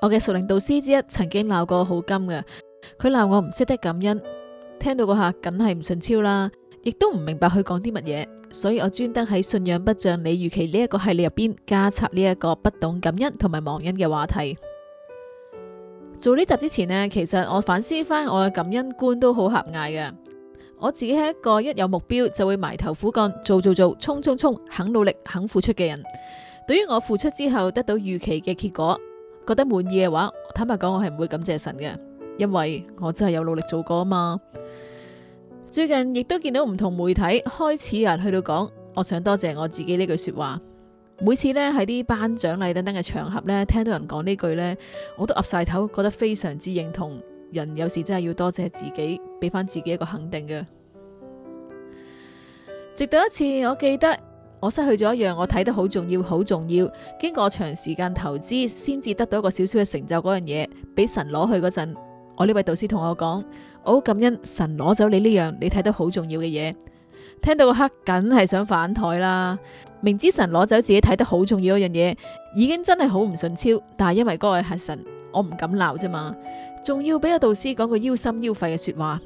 我嘅熟齡導師之一曾經鬧過好金㗎，佢鬧我唔識得感恩，聽到嗰下梗係唔順超啦，亦都唔明白佢講啲乜嘢，所以我專登喺信仰不像你預期呢一個系列入邊加插呢一個不懂感恩同埋忘恩嘅話題。做呢集之前呢，其實我反思返我嘅感恩觀都好狹隘㗎。我自己係一個一有目標就會埋頭苦幹，做做做，衝衝衝，肯努力肯付出嘅人。對於我付出之後得到預期嘅結果。覺得滿意嘅話，坦白講我係唔會感謝神嘅，因為我真係有努力做過啊嘛。最近亦都見到唔同媒體開始人去到講，我想多謝我自己呢句說話。每次呢喺啲頒獎禮等等嘅場合呢，聽到人講呢句呢，我都岌晒頭，覺得非常之認同。人有時真係要多謝自己，俾翻自己一個肯定嘅。直到一次，我記得。我失去咗一樣，我睇得好重要，好重要。經過長時間投資，先至得到一個小小嘅成就嗰樣嘢，俾神攞去嗰陣，我呢位導師同我講：我好感恩神攞走你呢樣你睇得好重要嘅嘢。聽到個黑，梗係想反台啦。明知神攞走自己睇得好重要嗰樣嘢，已經真係好唔順超。但係因為嗰位係神，我唔敢鬧啫嘛。仲要俾個導師講個腰心腰肺嘅說話。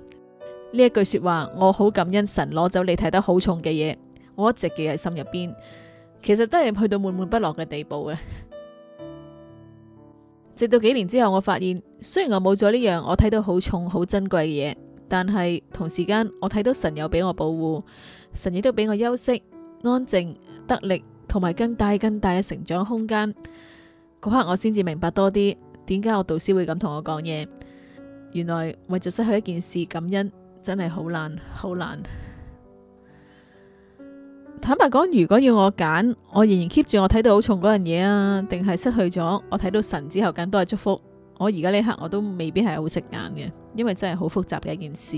呢一句說話，我好感恩神攞走你睇得好重嘅嘢。我一直記喺心入邊，其實都係去到悶悶不樂嘅地步嘅。直到幾年之後，我發現雖然我冇咗呢樣，我睇到好重好珍貴嘅嘢，但係同時間我睇到神有俾我保護，神亦都俾我休息、安靜、得力同埋更大更大嘅成長空間。嗰刻我先至明白多啲，點解我導師會咁同我講嘢。原來為咗失去一件事感恩，真係好難，好難。坦白講，如果要我揀，我仍然 keep 住我睇到好重嗰樣嘢啊，定係失去咗？我睇到神之後，更多係祝福。我而家呢刻，我都未必係好食眼嘅，因為真係好複雜嘅一件事。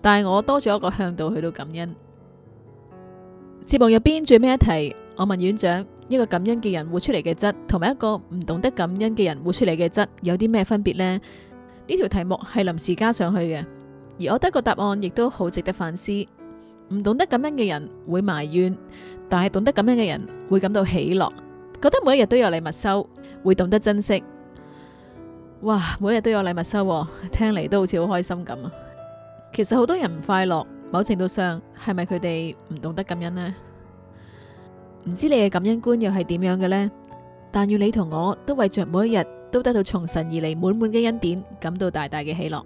但係我多咗一個向導去到感恩。節目入邊最尾一題，我問院長：「一個感恩嘅人活出嚟嘅質，同埋一個唔懂得感恩嘅人活出嚟嘅質，有啲咩分別呢？」呢條題目係臨時加上去嘅，而我得個答案亦都好值得反思。唔懂得感恩嘅人會埋怨，但係懂得感恩嘅人會感到喜樂，覺得每一日都有禮物收，會懂得珍惜。哇，每一日都有禮物收，聽嚟，都好似好開心咁啊！其實好多人唔快樂，某程度上係咪佢哋唔懂得感恩呢？唔知你嘅感恩觀又係點樣嘅呢？但願你同我都為着每一日都得到從神而嚟滿滿嘅恩典，感到大大嘅喜樂。